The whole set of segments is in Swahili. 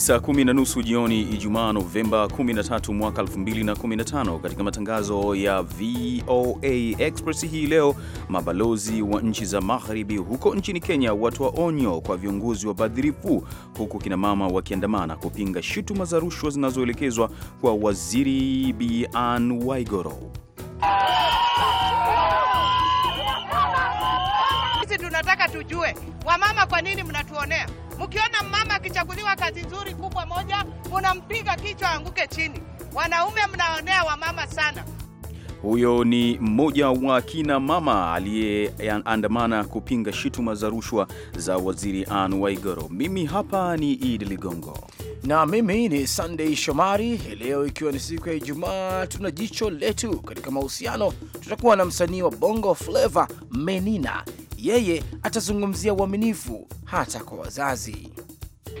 saa kumi na nusu jioni Ijumaa Novemba 13 mwaka 2015. Katika matangazo ya VOA Express hii leo, mabalozi wa nchi za magharibi huko nchini Kenya watoa onyo kwa viongozi wa badhirifu huku kinamama wakiandamana kupinga shutuma za rushwa zinazoelekezwa kwa waziri Bi waigoro Sisi tunataka tujue, wamama, kwa nini mnatuonea? Mkiona mama akichaguliwa kazi nzuri kubwa moja, munampiga kichwa anguke chini. Wanaume mnaonea wamama sana. Huyo ni mmoja wa kina mama aliyeandamana kupinga shutuma za rushwa za waziri Anne waigoro Mimi hapa ni Idi Ligongo na mimi ni Sunday Shomari. Leo ikiwa ni siku ya Ijumaa, tuna jicho letu katika mahusiano. Tutakuwa na msanii wa bongo flava Menina yeye atazungumzia uaminifu hata kwa wazazi.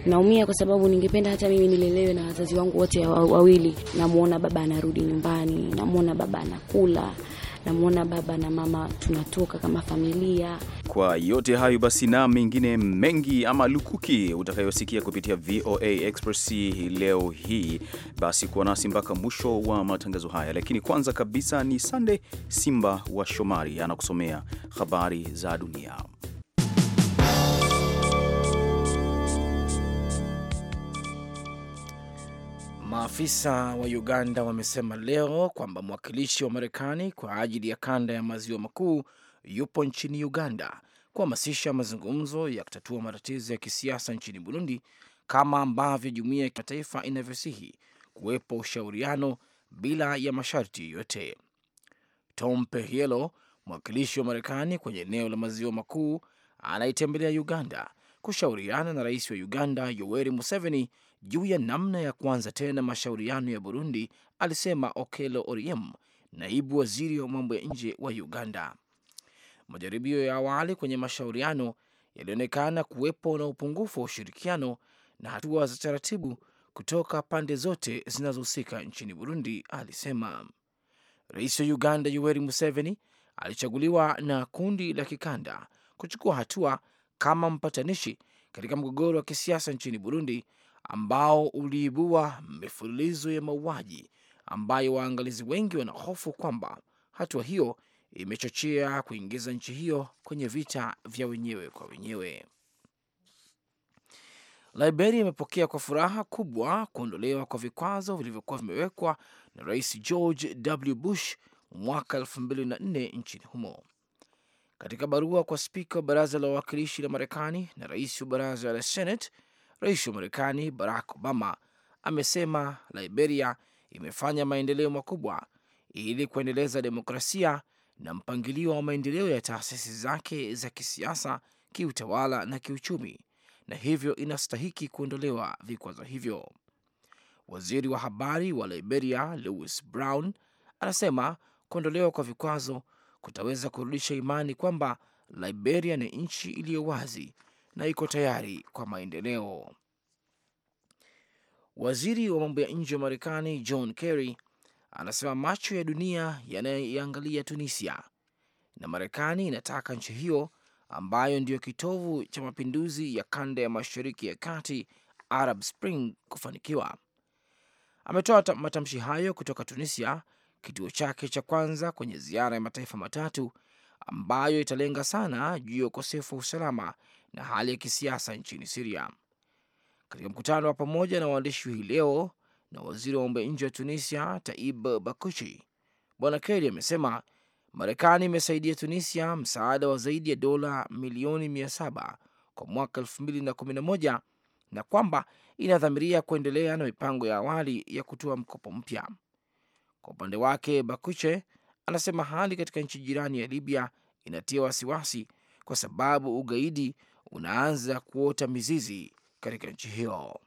Naumia kwa sababu ningependa hata mimi nilelewe na wazazi wangu wote wawili. Namwona baba anarudi nyumbani, namwona baba anakula namwona baba na mama, tunatoka kama familia. Kwa yote hayo basi na mengine mengi ama lukuki utakayosikia kupitia VOA Express leo hii, basi kuwa nasi mpaka mwisho wa matangazo haya. Lakini kwanza kabisa ni Sande Simba wa Shomari anakusomea habari za dunia. Maafisa wa Uganda wamesema leo kwamba mwakilishi wa Marekani kwa ajili ya kanda ya maziwa makuu yupo nchini Uganda kuhamasisha mazungumzo ya kutatua matatizo ya kisiasa nchini Burundi kama ambavyo jumuiya ya kimataifa inavyosihi kuwepo ushauriano bila ya masharti yoyote. Tom pehielo mwakilishi wa Marekani kwenye eneo la maziwa makuu, anaitembelea Uganda kushauriana na rais wa Uganda Yoweri Museveni juu ya namna ya kuanza tena mashauriano ya Burundi, alisema okelo oriem naibu waziri wa mambo ya nje wa Uganda. Majaribio ya awali kwenye mashauriano yalionekana kuwepo na upungufu wa ushirikiano na hatua za taratibu kutoka pande zote zinazohusika nchini Burundi, alisema. Rais wa Uganda Yoweri Museveni alichaguliwa na kundi la kikanda kuchukua hatua kama mpatanishi katika mgogoro wa kisiasa nchini Burundi ambao uliibua mifululizo ya mauaji ambayo waangalizi wengi wanahofu kwamba hatua hiyo imechochea kuingiza nchi hiyo kwenye vita vya wenyewe kwa wenyewe. Liberia imepokea kwa furaha kubwa kuondolewa kwa vikwazo vilivyokuwa vimewekwa na Rais George W. Bush mwaka 2004 nchini humo. Katika barua kwa spika wa baraza la wawakilishi la Marekani na rais wa baraza la Senate Rais wa Marekani Barack Obama amesema Liberia imefanya maendeleo makubwa ili kuendeleza demokrasia na mpangilio wa maendeleo ya taasisi zake za kisiasa, kiutawala na kiuchumi, na hivyo inastahiki kuondolewa vikwazo hivyo. Waziri wa habari wa Liberia Louis Brown anasema kuondolewa kwa vikwazo kutaweza kurudisha imani kwamba Liberia ni nchi iliyo wazi na iko tayari kwa maendeleo. Waziri wa mambo ya nje wa Marekani John Kerry anasema macho ya dunia yanayoiangalia Tunisia na Marekani inataka nchi hiyo ambayo ndiyo kitovu cha mapinduzi ya kanda ya mashariki ya kati, Arab Spring, kufanikiwa. Ametoa matamshi hayo kutoka Tunisia, kituo chake cha kwanza kwenye ziara ya mataifa matatu ambayo italenga sana juu ya ukosefu wa usalama na hali ya kisiasa nchini Siria. Katika mkutano wa pamoja na waandishi hii leo na waziri wa mambo ya nje wa Tunisia Taib Bakushi, Bwana Keri amesema Marekani imesaidia Tunisia msaada wa zaidi ya dola milioni mia saba kwa mwaka elfu mbili na kumi na moja na kwamba inadhamiria kuendelea na mipango ya awali ya kutoa mkopo mpya. Kwa upande wake, Bakuche anasema hali katika nchi jirani ya Libya inatia wasiwasi kwa sababu ugaidi unaanza kuota mizizi katika nchi hiyo.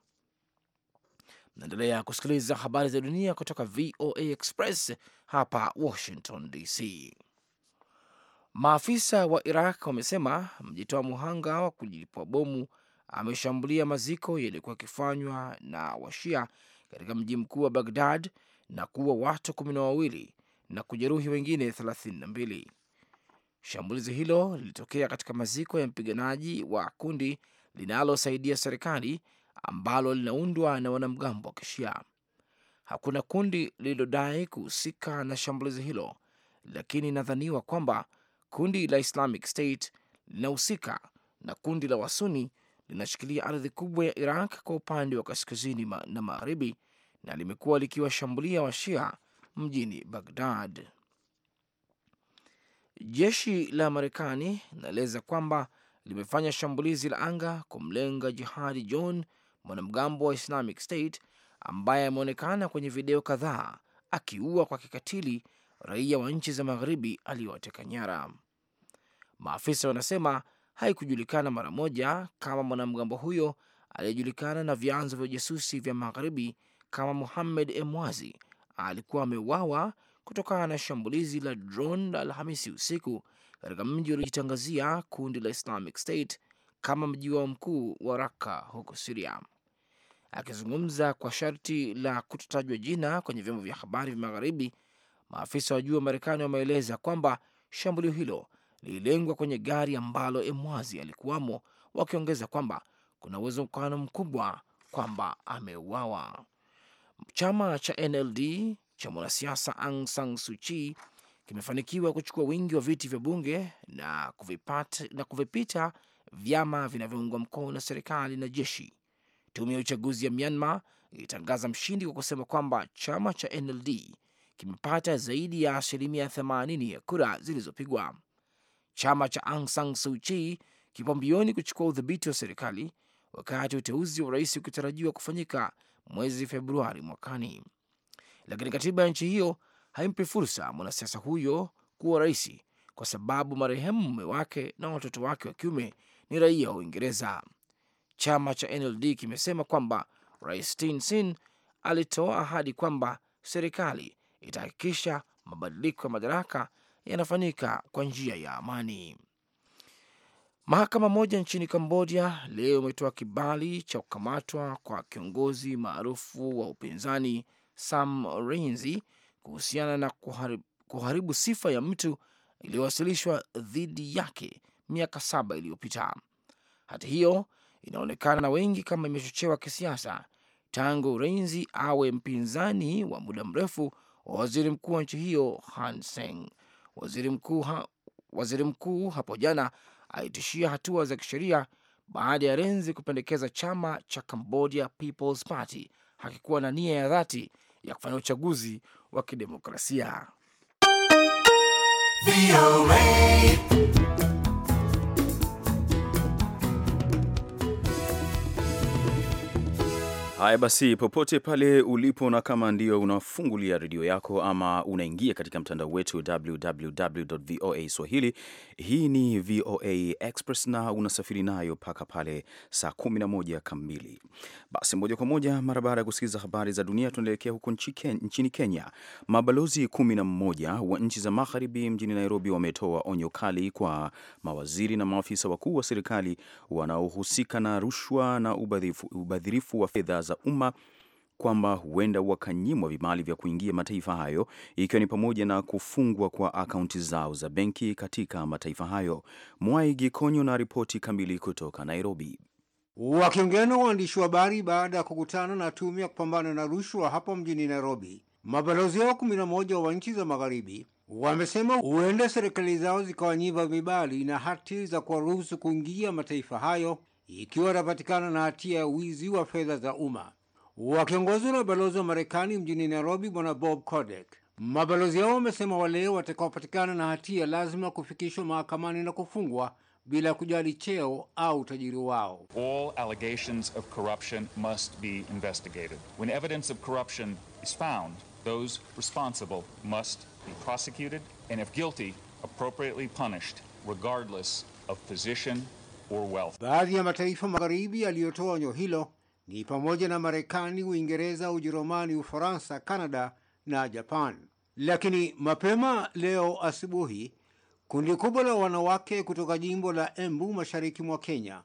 Mnaendelea kusikiliza habari za dunia kutoka VOA Express hapa Washington DC. Maafisa wa Iraq wamesema mjitoa muhanga wa kujilipua bomu ameshambulia maziko yaliyokuwa yakifanywa na Washia katika mji mkuu wa Bagdad na kuua watu kumi na wawili na kujeruhi wengine thelathini na mbili. Shambulizi hilo lilitokea katika maziko ya mpiganaji wa kundi linalosaidia serikali ambalo linaundwa na wanamgambo wa Kishia. Hakuna kundi lililodai kuhusika na shambulizi hilo, lakini inadhaniwa kwamba kundi la Islamic State linahusika na kundi la Wasuni linashikilia ardhi kubwa ya Iraq kwa upande wa kaskazini na magharibi na limekuwa likiwashambulia Washia mjini Baghdad. Jeshi la Marekani linaeleza kwamba limefanya shambulizi la anga kumlenga Jihadi John, mwanamgambo wa Islamic State ambaye ameonekana kwenye video kadhaa akiua kwa kikatili raia wa nchi za magharibi aliyowateka nyara. Maafisa wanasema haikujulikana mara moja kama mwanamgambo huyo aliyejulikana na vyanzo vya ujasusi vya magharibi kama Muhamed Emwazi alikuwa ameuawa kutokana na shambulizi la drone la Alhamisi usiku katika mji uliojitangazia kundi la Islamic State kama mji wao mkuu wa Raqqa huko Siria. Akizungumza kwa sharti la kutotajwa jina kwenye vyombo vya habari vya Magharibi, maafisa wa juu wa Marekani wameeleza kwamba shambulio hilo lililengwa kwenye gari ambalo Emwazi alikuwamo, wakiongeza kwamba kuna uwezekano mkubwa kwamba ameuawa. Chama cha NLD cha mwanasiasa Aung San Suu Kyi kimefanikiwa kuchukua wingi wa viti vya bunge na, na kuvipita vyama vinavyoungwa mkono na serikali na jeshi. Tume ya uchaguzi ya Myanmar ilitangaza mshindi kwa kusema kwamba chama cha NLD kimepata zaidi ya asilimia 80 ya kura zilizopigwa. Chama cha Aung San Suu Kyi kipo mbioni kuchukua udhibiti wa serikali wakati uteuzi wa rais ukitarajiwa kufanyika mwezi Februari mwakani lakini katiba ya nchi hiyo haimpi fursa mwanasiasa huyo kuwa rais kwa sababu marehemu mume wake na watoto wake wa kiume ni raia wa Uingereza. Chama cha NLD kimesema kwamba rais Thein Sein alitoa ahadi kwamba serikali itahakikisha mabadiliko ya madaraka yanafanyika kwa njia ya amani. Mahakama moja nchini Kambodia leo imetoa kibali cha kukamatwa kwa kiongozi maarufu wa upinzani Sam Rainsy kuhusiana na kuharibu, kuharibu sifa ya mtu iliyowasilishwa dhidi yake miaka saba iliyopita. Hati hiyo inaonekana na wengi kama imechochewa kisiasa tangu Rainsy awe mpinzani wa muda mrefu wa waziri mkuu wa nchi hiyo Han Waziri mkuu, ha, waziri mkuu hapo jana alitishia hatua za kisheria baada ya Renzi kupendekeza chama cha Cambodia People's Party hakikuwa na nia ya dhati ya kufanya uchaguzi wa kidemokrasia. Haya basi, popote pale ulipo, na kama ndio unafungulia redio yako ama unaingia katika mtandao wetu swahili hii ni VOA Express na unasafiri nayo mpaka pale saa 11 kamili. Basi moja kwa moja, mara baada ya kusikiliza habari za dunia, tunaelekea huko nchini Kenya. Mabalozi 11 wa nchi za magharibi mjini Nairobi wametoa onyo kali kwa mawaziri na maafisa wakuu wa serikali wanaohusika na rushwa na ubadhirifu wa fedha za umma kwamba huenda wakanyimwa vibali vya kuingia mataifa hayo ikiwa ni pamoja na kufungwa kwa akaunti zao za benki katika mataifa hayo. Mwai Gikonyo na ripoti kamili kutoka Nairobi. Wakiongea na waandishi wa habari baada ya kukutana na tume ya kupambana na rushwa hapa mjini Nairobi, mabalozi hao kumi na moja wa nchi za magharibi wamesema huenda serikali zao zikawanyiva vibali na hati za kuwaruhusu kuingia mataifa hayo ikiwa atapatikana na hatia ya wizi wa fedha za umma. Wakiongozwa na balozi wa Marekani mjini Nairobi, bwana Bob Codek, mabalozi hao wamesema wale watakaopatikana na hatia lazima kufikishwa mahakamani na kufungwa bila kujali cheo au utajiri wao. All allegations of corruption must be investigated. When evidence of corruption is found, those responsible must be prosecuted and if guilty, appropriately punished regardless of position or wealth. Baadhi ya mataifa magharibi yaliyotoa onyo hilo ni pamoja na Marekani, Uingereza, Ujerumani, Ufaransa, Kanada na Japan. Lakini mapema leo asubuhi, kundi kubwa la wanawake kutoka jimbo la Embu mashariki mwa Kenya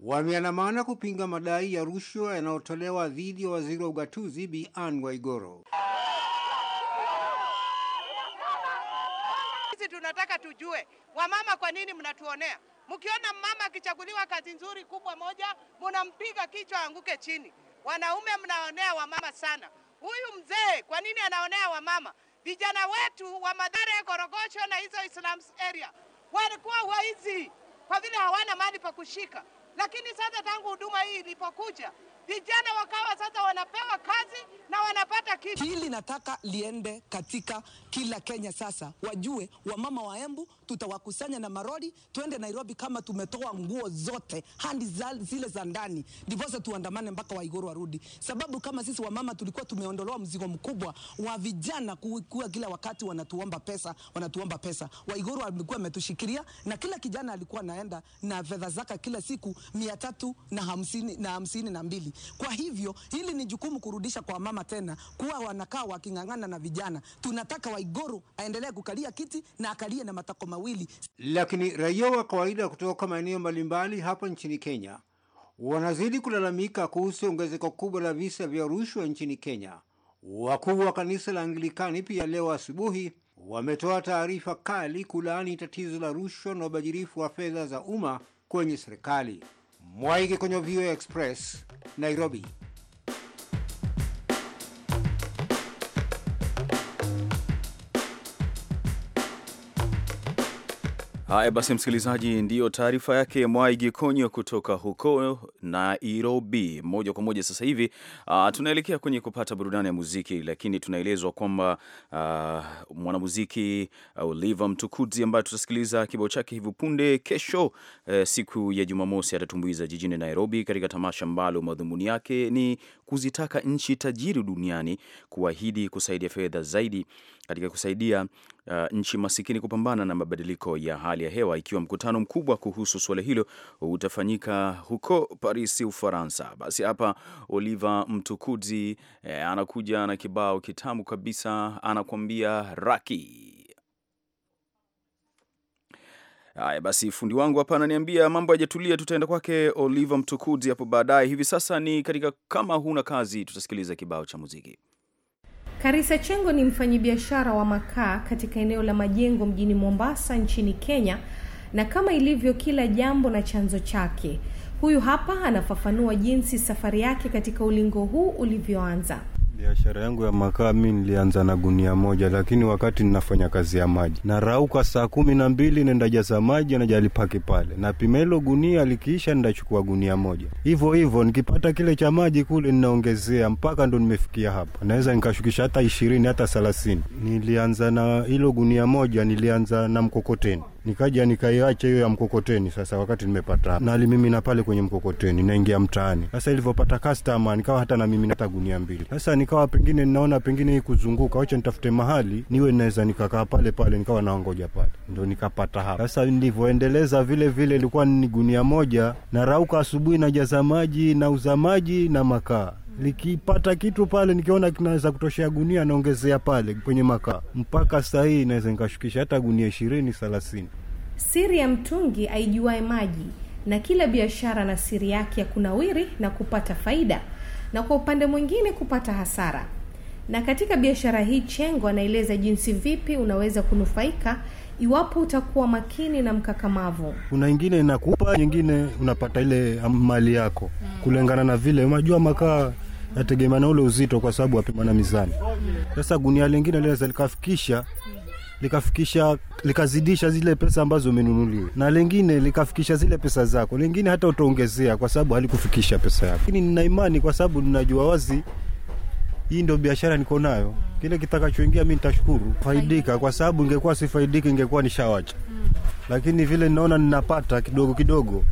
wameandamana kupinga madai ya rushwa yanayotolewa dhidi ya waziri wa ugatuzi Bi Anne Waiguru. Sisi tunataka tujue, wamama, kwa nini mnatuonea? Mkiona mama akichaguliwa kazi nzuri kubwa moja, mnampiga kichwa anguke chini. Wanaume mnaonea wamama sana. Huyu mzee kwa nini anaonea wamama? Vijana wetu wa Madhara ya Korogosho na hizo Islam area walikuwa waizi kwa vile hawana mali pa kushika, lakini sasa tangu huduma hii ilipokuja vijana wakawa sasa wanapewa kazi na wanapata kitu. Hili nataka liende katika kila Kenya. Sasa wajue wamama wa Embu tutawakusanya na maroli tuende Nairobi kama tumetoa nguo zote handi zile za ndani, ndiposa tuandamane mpaka Waiguru warudi, sababu kama sisi wamama tulikuwa tumeondolewa mzigo mkubwa wa vijana kuwa kila wakati wanatuomba pesa, wanatuomba pesa. Waiguru walikuwa ametushikilia na kila kijana alikuwa naenda na fedha zake kila siku mia tatu na hamsini na hamsini na mbili. Kwa hivyo hili ni jukumu kurudisha kwa mama tena kuwa wanakaa waking'ang'ana na vijana. Tunataka Waiguru aendelee kukalia kiti na akalie na matakoma mawili. Lakini raia wa kawaida kutoka maeneo mbalimbali hapa nchini Kenya wanazidi kulalamika kuhusu ongezeko kubwa la visa vya rushwa nchini Kenya. Wakuu wa kanisa la Anglikani pia leo asubuhi wametoa taarifa kali kulaani tatizo la rushwa na ubadhirifu wa fedha za umma kwenye serikali. Mwaige kwenye VOA Express, Nairobi. Haya basi, msikilizaji, ndiyo taarifa yake Mwai Gikonyo kutoka huko Nairobi. Moja kwa moja sasa hivi uh, tunaelekea kwenye kupata burudani ya muziki, lakini tunaelezwa kwamba uh, mwanamuziki ah, Oliva Mtukudzi ambaye tutasikiliza kibao chake hivi punde kesho, uh, siku ya Jumamosi atatumbuiza jijini Nairobi katika tamasha ambalo madhumuni yake ni kuzitaka nchi tajiri duniani kuahidi kusaidia fedha zaidi katika kusaidia uh, nchi masikini kupambana na mabadiliko ya hali ya hewa, ikiwa mkutano mkubwa kuhusu suala hilo utafanyika huko Paris, Ufaransa. Basi hapa Oliver Mtukudzi eh, anakuja na kibao kitamu kabisa, anakuambia Raki. Haya basi, fundi wangu hapa ananiambia mambo hajatulia. Tutaenda kwake Oliver Mtukudzi hapo baadaye. Hivi sasa ni katika, kama huna kazi, tutasikiliza kibao cha muziki. Karisa Chengo ni mfanyabiashara wa makaa katika eneo la Majengo mjini Mombasa nchini Kenya, na kama ilivyo kila jambo na chanzo chake, huyu hapa anafafanua jinsi safari yake katika ulingo huu ulivyoanza. Biashara yangu ya makaa mi nilianza na gunia moja, lakini wakati ninafanya kazi ya maji narauka saa kumi na mbili nendajaza maji najalipaki pale, napima hilo gunia, likiisha nindachukua gunia moja hivyo hivyo, nikipata kile cha maji kule ninaongezea mpaka ndo nimefikia hapa, naweza nikashukisha hata ishirini hata thelathini. Nilianza na hilo gunia moja, nilianza na mkokoteni nikaja nikaiacha hiyo ya mkokoteni. Sasa wakati nimepata nali mimi na pale kwenye mkokoteni, naingia mtaani sasa. Ilivyopata customer nikawa hata na mimi hata gunia mbili. Sasa nikawa pengine ninaona pengine hii kuzunguka, wacha nitafute mahali niwe naweza nikakaa pale pale, nikawa naongoja pale, ndio nikapata hapa. Sasa nilivyoendeleza vile vile, ilikuwa ni gunia moja na rauka, asubuhi najaza maji, nauza maji na makaa nikipata kitu pale nikiona kinaweza kutoshea gunia naongezea pale kwenye makaa mpaka sahii hii inaweza nikashukisha hata gunia ishirini thalathini siri ya mtungi aijuae maji na kila biashara na siri yake ya kunawiri na kupata faida na kwa upande mwingine kupata hasara na katika biashara hii chengo anaeleza jinsi vipi unaweza kunufaika iwapo utakuwa makini na mkakamavu kuna ingine inakupa nyingine unapata ile mali yako mm. kulingana na vile unajua makaa nategemea na ule uzito, kwa sababu na mizani. Sasa gunia lingine linaweza likafikisha likafikisha likazidisha zile pesa ambazo umenunulia, na lingine likafikisha zile pesa zako, lingine hata utaongezea, kwa sababu halikufikisha pesa yako. Lakini nina imani, kwa sababu ninajua wazi hii ndio biashara niko nayo. Kile kitakachoingia mi nitashukuru faidika, kwa sababu ingekuwa sifaidiki, ingekuwa nishawacha, hmm. lakini vile ninaona ninapata kidogo kidogo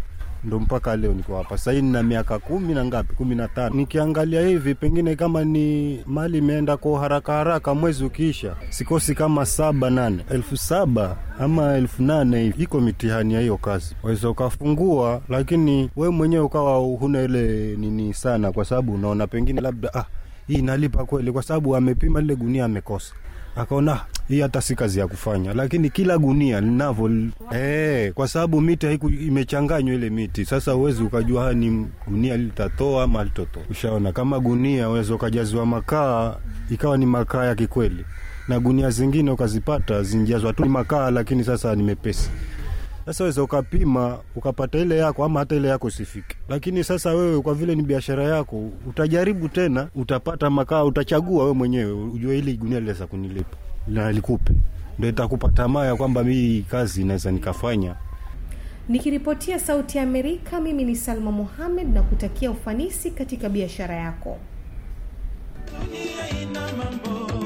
ndo mpaka leo niko hapa sasa. Hii nina miaka kumi na ngapi, kumi na tano. Nikiangalia hivi, pengine kama ni mali imeenda kwa haraka haraka, mwezi ukiisha sikosi kama saba nane elfu saba ama elfu nane hivi. Iko mitihani ya hiyo kazi, waweza ukafungua, lakini we mwenyewe ukawa huna ile nini sana, kwa sababu unaona pengine labda ah, hii nalipa kweli, kwa sababu amepima lile gunia amekosa akaona hii hata si kazi ya kufanya, lakini kila gunia linavyo eh, kwa sababu miti haiku imechanganywa ile miti. Sasa uwezi ukajua ni gunia litatoa ama litotoa. Ushaona, kama gunia uwezi ukajaziwa makaa ikawa ni makaa ya kikweli, na gunia zingine ukazipata zinjazwa tu makaa, lakini sasa ni mepesi sasa weza ukapima ukapata ile yako ama hata ile yako sifiki, lakini sasa wewe kwa vile ni biashara yako utajaribu tena, utapata makaa, utachagua wewe mwenyewe ujue ili gunia linaweza kunilipa na likupe, ndo itakupa tamaa ya kwamba mii kazi inaweza nikafanya. Nikiripotia Sauti ya Amerika, mimi ni Salma Mohamed na kutakia ufanisi katika biashara yako. Dunia ina mambo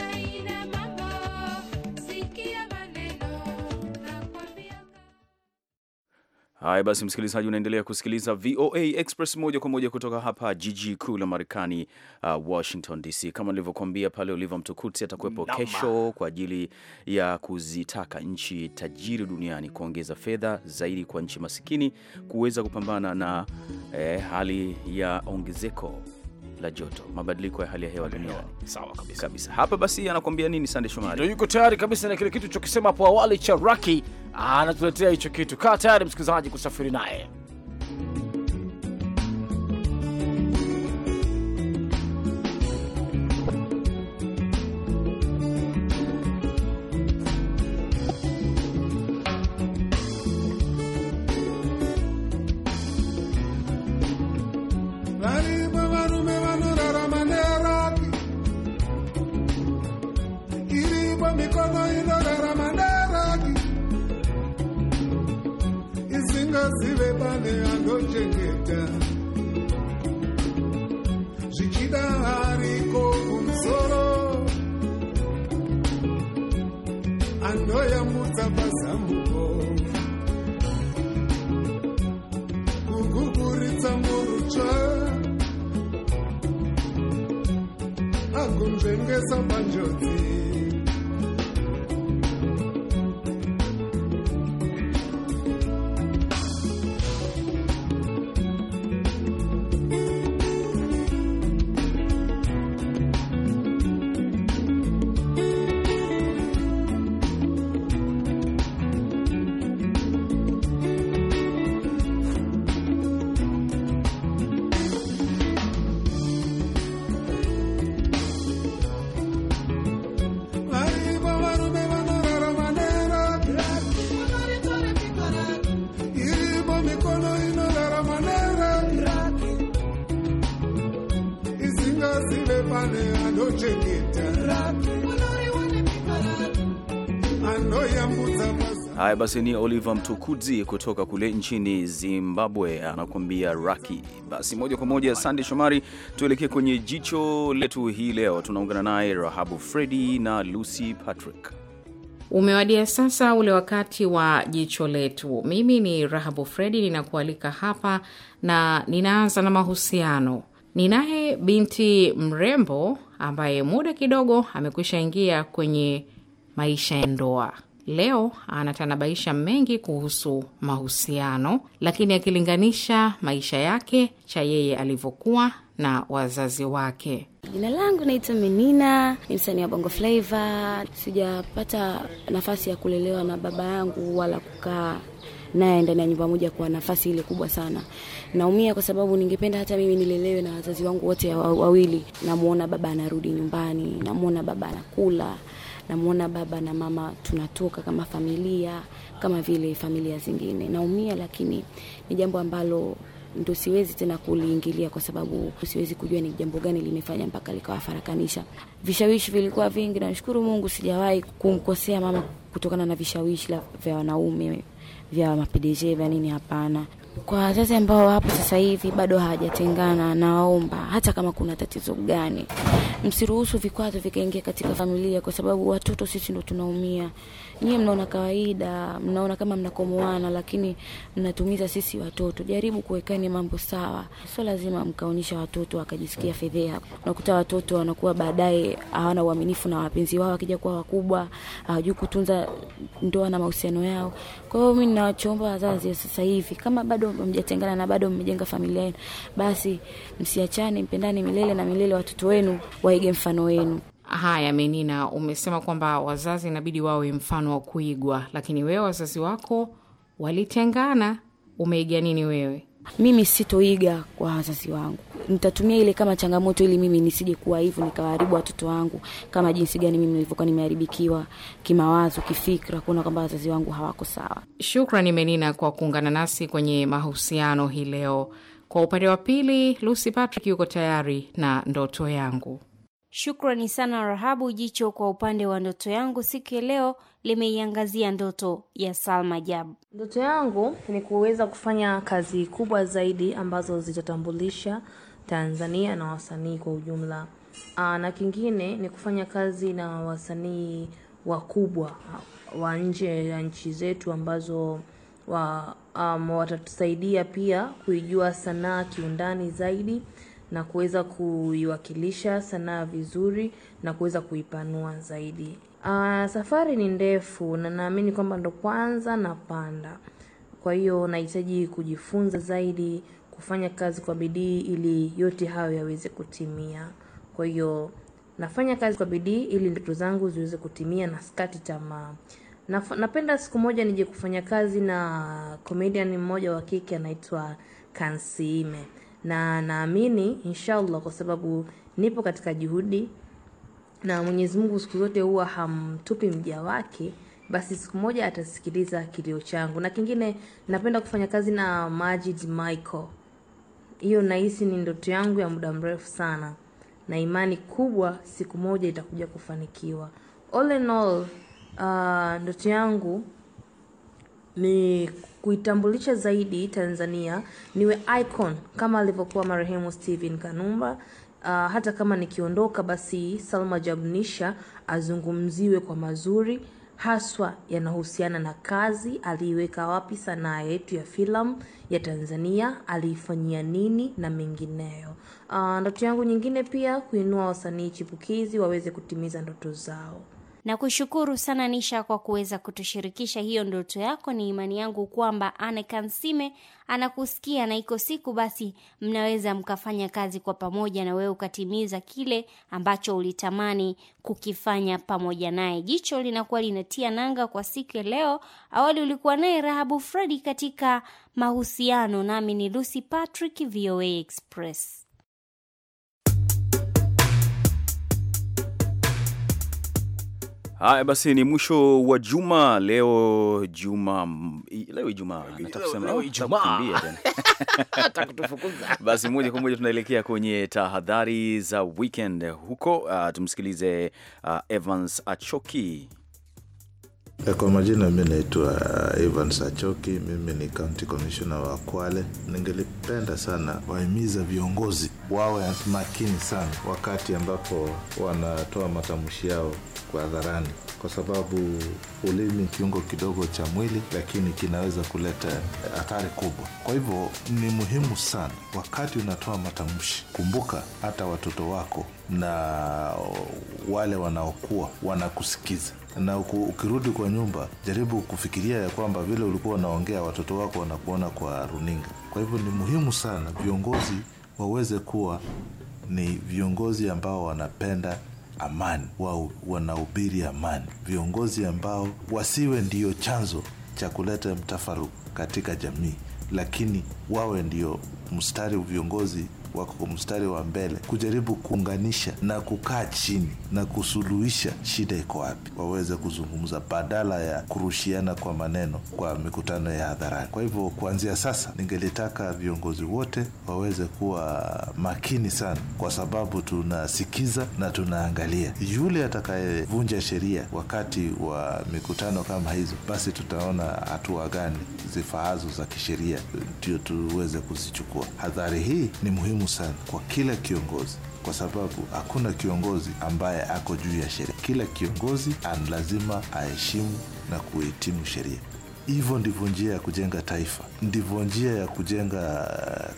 Haya basi, msikilizaji, unaendelea kusikiliza VOA Express moja kwa moja kutoka hapa jiji kuu la Marekani, uh, Washington DC. Kama nilivyokuambia pale Oliva mtukuti atakuwepo kesho kwa ajili ya kuzitaka nchi tajiri duniani kuongeza fedha zaidi kwa nchi masikini kuweza kupambana na eh, hali ya ongezeko la joto, mabadiliko ya hali ya hewa duniani. Sawa kabisa kabisa. Hapa basi anakuambia nini Sande Shomari? Ndio yuko tayari kabisa na kile kitu chokisema hapo awali cha Raki, anatuletea hicho kitu. Kaa tayari msikilizaji kusafiri naye. basi ni Oliver Mtukudzi kutoka kule nchini Zimbabwe anakuambia Raki. Basi moja kwa moja, Sande Shomari, tuelekee kwenye jicho letu hii leo. Tunaungana naye Rahabu Fredi na Lucy Patrick. Umewadia sasa ule wakati wa jicho letu. Mimi ni Rahabu Fredi, ninakualika hapa na ninaanza na mahusiano. Ninaye binti mrembo ambaye muda kidogo amekwisha ingia kwenye maisha ya ndoa Leo anatanabaisha mengi kuhusu mahusiano, lakini akilinganisha maisha yake cha yeye alivyokuwa na wazazi wake. Jina langu naitwa Menina, ni msanii wa Bongo Flava. Sijapata nafasi ya kulelewa na baba yangu wala kukaa naye ndani ya nyumba moja kwa nafasi ile kubwa sana. Naumia kwa sababu ningependa hata mimi nilelewe na wazazi wangu wote wawili. Namuona baba anarudi nyumbani, namuona baba anakula namwona baba na mama tunatoka kama familia kama vile familia zingine. Naumia, lakini ni jambo ambalo ndo siwezi tena kuliingilia kwa sababu siwezi kujua ni jambo gani limefanya mpaka likawafarakanisha. Vishawishi vilikuwa vingi, namshukuru Mungu sijawahi kumkosea mama kutokana na vishawishi vya wanaume vya mapedeje vya nini, hapana. Kwa wazazi ambao wapo sasa hivi bado hawajatengana, nawaomba hata kama kuna tatizo gani, msiruhusu vikwazo vikaingia katika familia, kwa sababu watoto sisi ndo tunaumia. Nyie mnaona kawaida, mnaona kama mnakomoana, lakini mnatumiza sisi watoto. Jaribu kuwekani mambo sawa, sio lazima mkaonyesha watoto wakajisikia fedheha. Unakuta watoto wanakuwa baadaye hawana uaminifu na wapenzi wao, akija kuwa wakubwa hawajui kutunza ndoa na mahusiano yao. Kwa hiyo mimi ninawachomba wazazi sasa hivi, kama bado mjatengana na bado mmejenga familia yenu, basi msiachane, mpendane milele na milele, watoto wenu waige mfano wenu. Haya, Menina, umesema kwamba wazazi inabidi wawe mfano wa kuigwa, lakini wewe wazazi wako walitengana, umeiga nini wewe? Mimi sitoiga kwa wazazi wangu, nitatumia ile kama changamoto ili mimi nisije kuwa hivyo nikawaharibu watoto wangu, kama jinsi gani mimi nilivyokuwa nimeharibikiwa kimawazo, kifikra, kuona kwamba wazazi wangu hawako sawa. Shukrani Menina kwa kuungana nasi kwenye mahusiano hii leo. Kwa upande wa pili, Lucy Patrick yuko tayari na ndoto yangu. Shukrani sana Rahabu Jicho kwa upande wa ndoto yangu siku ya leo limeiangazia ndoto ya Salma Jab. Ndoto yangu ni kuweza kufanya kazi kubwa zaidi ambazo zitatambulisha Tanzania na wasanii kwa ujumla. Aa, ah, na kingine ni kufanya kazi na wasanii wakubwa wa nje ya nchi zetu ambazo wa, um, watatusaidia pia kuijua sanaa kiundani zaidi na kuweza kuiwakilisha sanaa vizuri na kuweza kuipanua zaidi. Uh, safari ni ndefu na naamini kwamba ndo kwanza napanda, kwa hiyo nahitaji kujifunza zaidi, kufanya kazi kwa bidii ili yote hayo yaweze kutimia. Kwa hiyo nafanya kazi kwa bidii ili ndoto zangu ziweze kutimia na sikati tamaa. napenda siku moja nije kufanya kazi na comedian mmoja wa kike anaitwa Kansiime, na naamini inshallah, kwa sababu nipo katika juhudi na mwenyezi mungu siku zote huwa hamtupi mja wake basi siku moja atasikiliza kilio changu na kingine napenda kufanya kazi na majid michael hiyo nahisi ni ndoto yangu ya muda mrefu sana na imani kubwa siku moja itakuja kufanikiwa all in all uh, ndoto yangu ni kuitambulisha zaidi tanzania niwe icon kama alivyokuwa marehemu stephen kanumba Uh, hata kama nikiondoka basi Salma Jabnisha azungumziwe kwa mazuri, haswa yanahusiana na kazi. Aliiweka wapi sanaa yetu ya filamu ya Tanzania? Aliifanyia nini na mengineyo. Uh, ndoto yangu nyingine pia kuinua wasanii chipukizi waweze kutimiza ndoto zao. Nakushukuru sana Nisha kwa kuweza kutushirikisha hiyo ndoto yako. Ni imani yangu kwamba ane Kansime anakusikia na iko siku basi mnaweza mkafanya kazi kwa pamoja, na wewe ukatimiza kile ambacho ulitamani kukifanya pamoja naye. Jicho linakuwa linatia nanga kwa siku ya leo. Awali ulikuwa naye Rahabu Fredi katika mahusiano, nami ni Lucy Patrick, VOA Express. Haya basi, ni mwisho wa juma leo. Juma leo juma, nataka kusema leo juma tena atakutufukuza. Basi moja kwa moja tunaelekea kwenye tahadhari za weekend huko. Uh, tumsikilize uh, Evans Achoki. Eh, kwa majina mi naitwa ah, Evans Achoki, mimi ni county commissioner wa Kwale. Ningelipenda sana wahimiza viongozi wawe makini sana wakati ambapo wanatoa matamshi yao kwa hadharani, kwa sababu ulimi kiungo kidogo cha mwili, lakini kinaweza kuleta athari kubwa. Kwa hivyo ni muhimu sana wakati unatoa matamshi, kumbuka hata watoto wako na wale wanaokuwa wanakusikiza na ukirudi kwa nyumba, jaribu kufikiria ya kwamba vile ulikuwa unaongea, watoto wako wanakuona kwa runinga. Kwa hivyo ni muhimu sana viongozi waweze kuwa ni viongozi ambao wanapenda amani, wao wanahubiri amani, viongozi ambao wasiwe ndiyo chanzo cha kuleta mtafaruku katika jamii, lakini wawe ndio mstari, viongozi wako mstari wa mbele kujaribu kuunganisha na kukaa chini na kusuluhisha shida iko wapi, waweze kuzungumza badala ya kurushiana kwa maneno kwa mikutano ya hadharani. Kwa hivyo, kuanzia sasa, ningelitaka viongozi wote waweze kuwa makini sana, kwa sababu tunasikiza na tunaangalia. Yule atakayevunja sheria wakati wa mikutano kama hizo, basi tutaona hatua gani zifaazo za kisheria ndio tuweze kuzichukua. Hadhari hii ni muhimu muhimu sana kwa kila kiongozi kwa sababu hakuna kiongozi ambaye ako juu ya sheria. Kila kiongozi an lazima aheshimu na kuhitimu sheria. Hivyo ndivyo njia ya kujenga taifa, ndivyo njia ya kujenga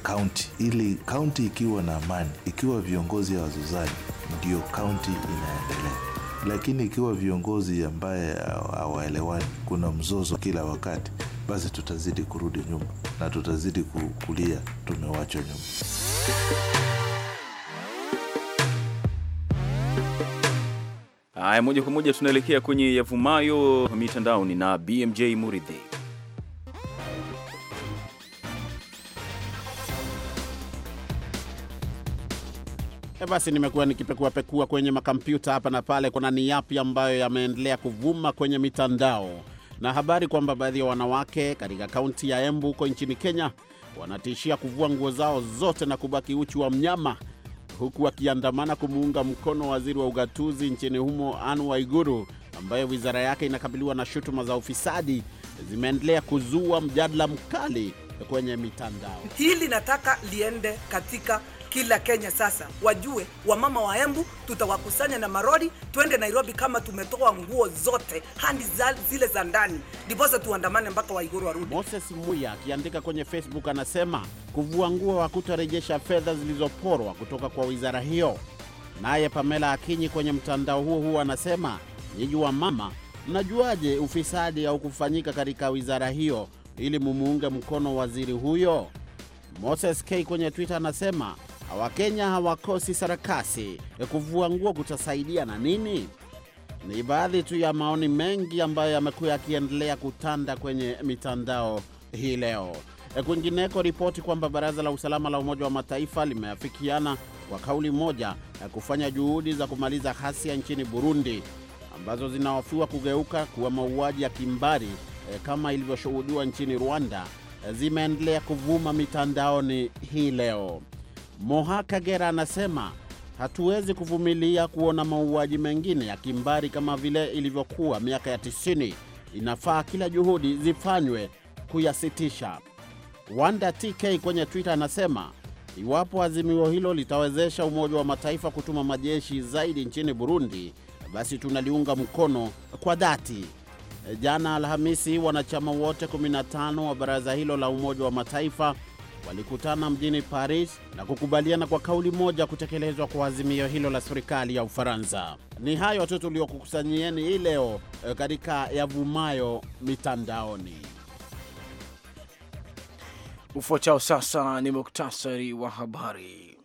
kaunti, uh, ili kaunti ikiwa na amani, ikiwa viongozi ya ndio kaunti inaendelea lakini ikiwa viongozi ambaye hawaelewani, kuna mzozo kila wakati, basi tutazidi kurudi nyuma na tutazidi kulia tumewachwa nyuma. Haya, moja kwa moja tunaelekea kwenye yavumayo mitandaoni na BMJ Muridhi. Eh, basi nimekuwa nikipekuapekua kwenye makompyuta hapa na pale, kuna ni yapi ambayo yameendelea kuvuma kwenye mitandao na habari kwamba baadhi ya wanawake katika kaunti ya Embu huko nchini Kenya wanatishia kuvua nguo zao zote na kubaki uchi wa mnyama huku wakiandamana kumuunga mkono waziri wa ugatuzi nchini humo Anne Waiguru ambayo wizara yake inakabiliwa na shutuma za ufisadi, zimeendelea kuzua mjadala mkali kwenye mitandao. Hili nataka liende katika kila Kenya sasa wajue wamama wa Embu tutawakusanya na marori, twende Nairobi kama tumetoa nguo zote handi za, zile za ndani, ndiposa tuandamane mpaka Waiguru warudi. Moses Muya akiandika kwenye Facebook anasema kuvua nguo hakutarejesha fedha zilizoporwa kutoka kwa wizara hiyo. Naye Pamela Akinyi kwenye mtandao huo huo anasema nyinyi wa mama mnajuaje ufisadi au kufanyika katika wizara hiyo ili mumuunge mkono waziri huyo? Moses K kwenye Twitter anasema Wakenya hawakosi sarakasi. E, kuvua nguo kutasaidia na nini? Ni baadhi tu ya maoni mengi ambayo yamekuwa yakiendelea kutanda kwenye mitandao hii leo. E, kwingineko, ripoti kwamba baraza la usalama la Umoja wa Mataifa limeafikiana kwa kauli moja ya e, kufanya juhudi za kumaliza ghasia nchini Burundi ambazo zinahofiwa kugeuka kuwa mauaji ya kimbari kama ilivyoshuhudiwa nchini Rwanda, zimeendelea kuvuma mitandaoni hii leo. Moha Kagera anasema hatuwezi kuvumilia kuona mauaji mengine ya kimbari kama vile ilivyokuwa miaka ya 90. Inafaa kila juhudi zifanywe kuyasitisha. Wanda TK kwenye Twitter anasema iwapo azimio hilo litawezesha Umoja wa Mataifa kutuma majeshi zaidi nchini Burundi, basi tunaliunga mkono kwa dhati. Jana Alhamisi, wanachama wote 15 wa baraza hilo la Umoja wa Mataifa walikutana mjini Paris na kukubaliana kwa kauli moja kutekelezwa kwa azimio hilo la serikali ya Ufaransa. Ni hayo tu tuliokukusanyieni hii leo eh, katika yavumayo mitandaoni. Ufuatao sasa ni muktasari wa habari.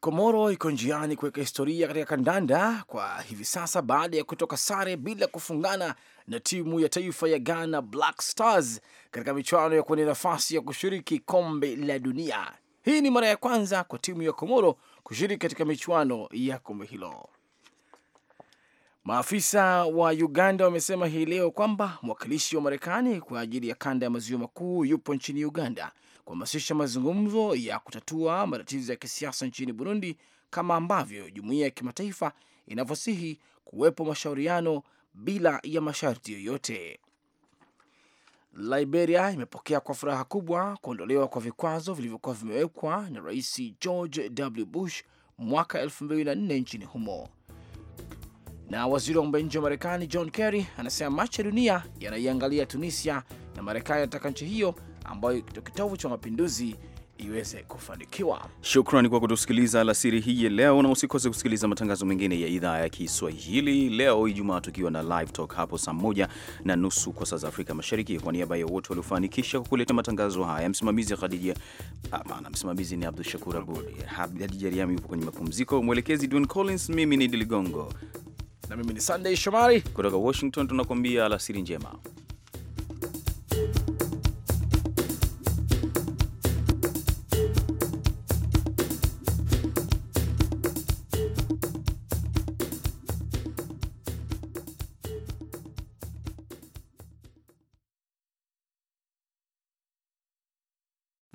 Komoro iko njiani kuweka historia katika kandanda kwa hivi sasa baada ya kutoka sare bila kufungana na timu ya taifa ya Ghana Black Stars katika michuano ya kwenye nafasi ya kushiriki kombe la dunia. Hii ni mara ya kwanza kwa timu ya Komoro kushiriki katika michuano ya kombe hilo. Maafisa wa Uganda wamesema hii leo kwamba mwakilishi wa Marekani kwa ajili ya kanda ya maziwa makuu yupo nchini Uganda kuhamasisha mazungumzo ya kutatua matatizo ya kisiasa nchini Burundi, kama ambavyo jumuiya ya kimataifa inavyosihi kuwepo mashauriano bila ya masharti yoyote. Liberia imepokea kwa furaha kubwa kuondolewa kwa vikwazo vilivyokuwa vimewekwa na Rais George W. Bush mwaka 2004 nchini humo. Na waziri wa mambo ya nje wa Marekani John Kerry anasema macho ya dunia yanaiangalia Tunisia na Marekani anataka nchi hiyo ambayo ndio kitovu cha mapinduzi iweze kufanikiwa. Shukrani kwa kutusikiliza alasiri hii ya leo, na usikose kusikiliza matangazo mengine ya idhaa ya Kiswahili leo Ijumaa, tukiwa na live talk hapo saa moja na nusu kwa saa za Afrika Mashariki. Kwa niaba ya wote waliofanikisha kukuleta matangazo haya, msimamizi Khadija, hapana, ah, msimamizi ni Abdu Shakur Abud, Hadija Riami yupo kwenye mapumziko, mwelekezi Dwin Collins, mimi ni Diligongo Ligongo na mimi ni Sunday Shomari kutoka Washington, tunakuambia alasiri njema.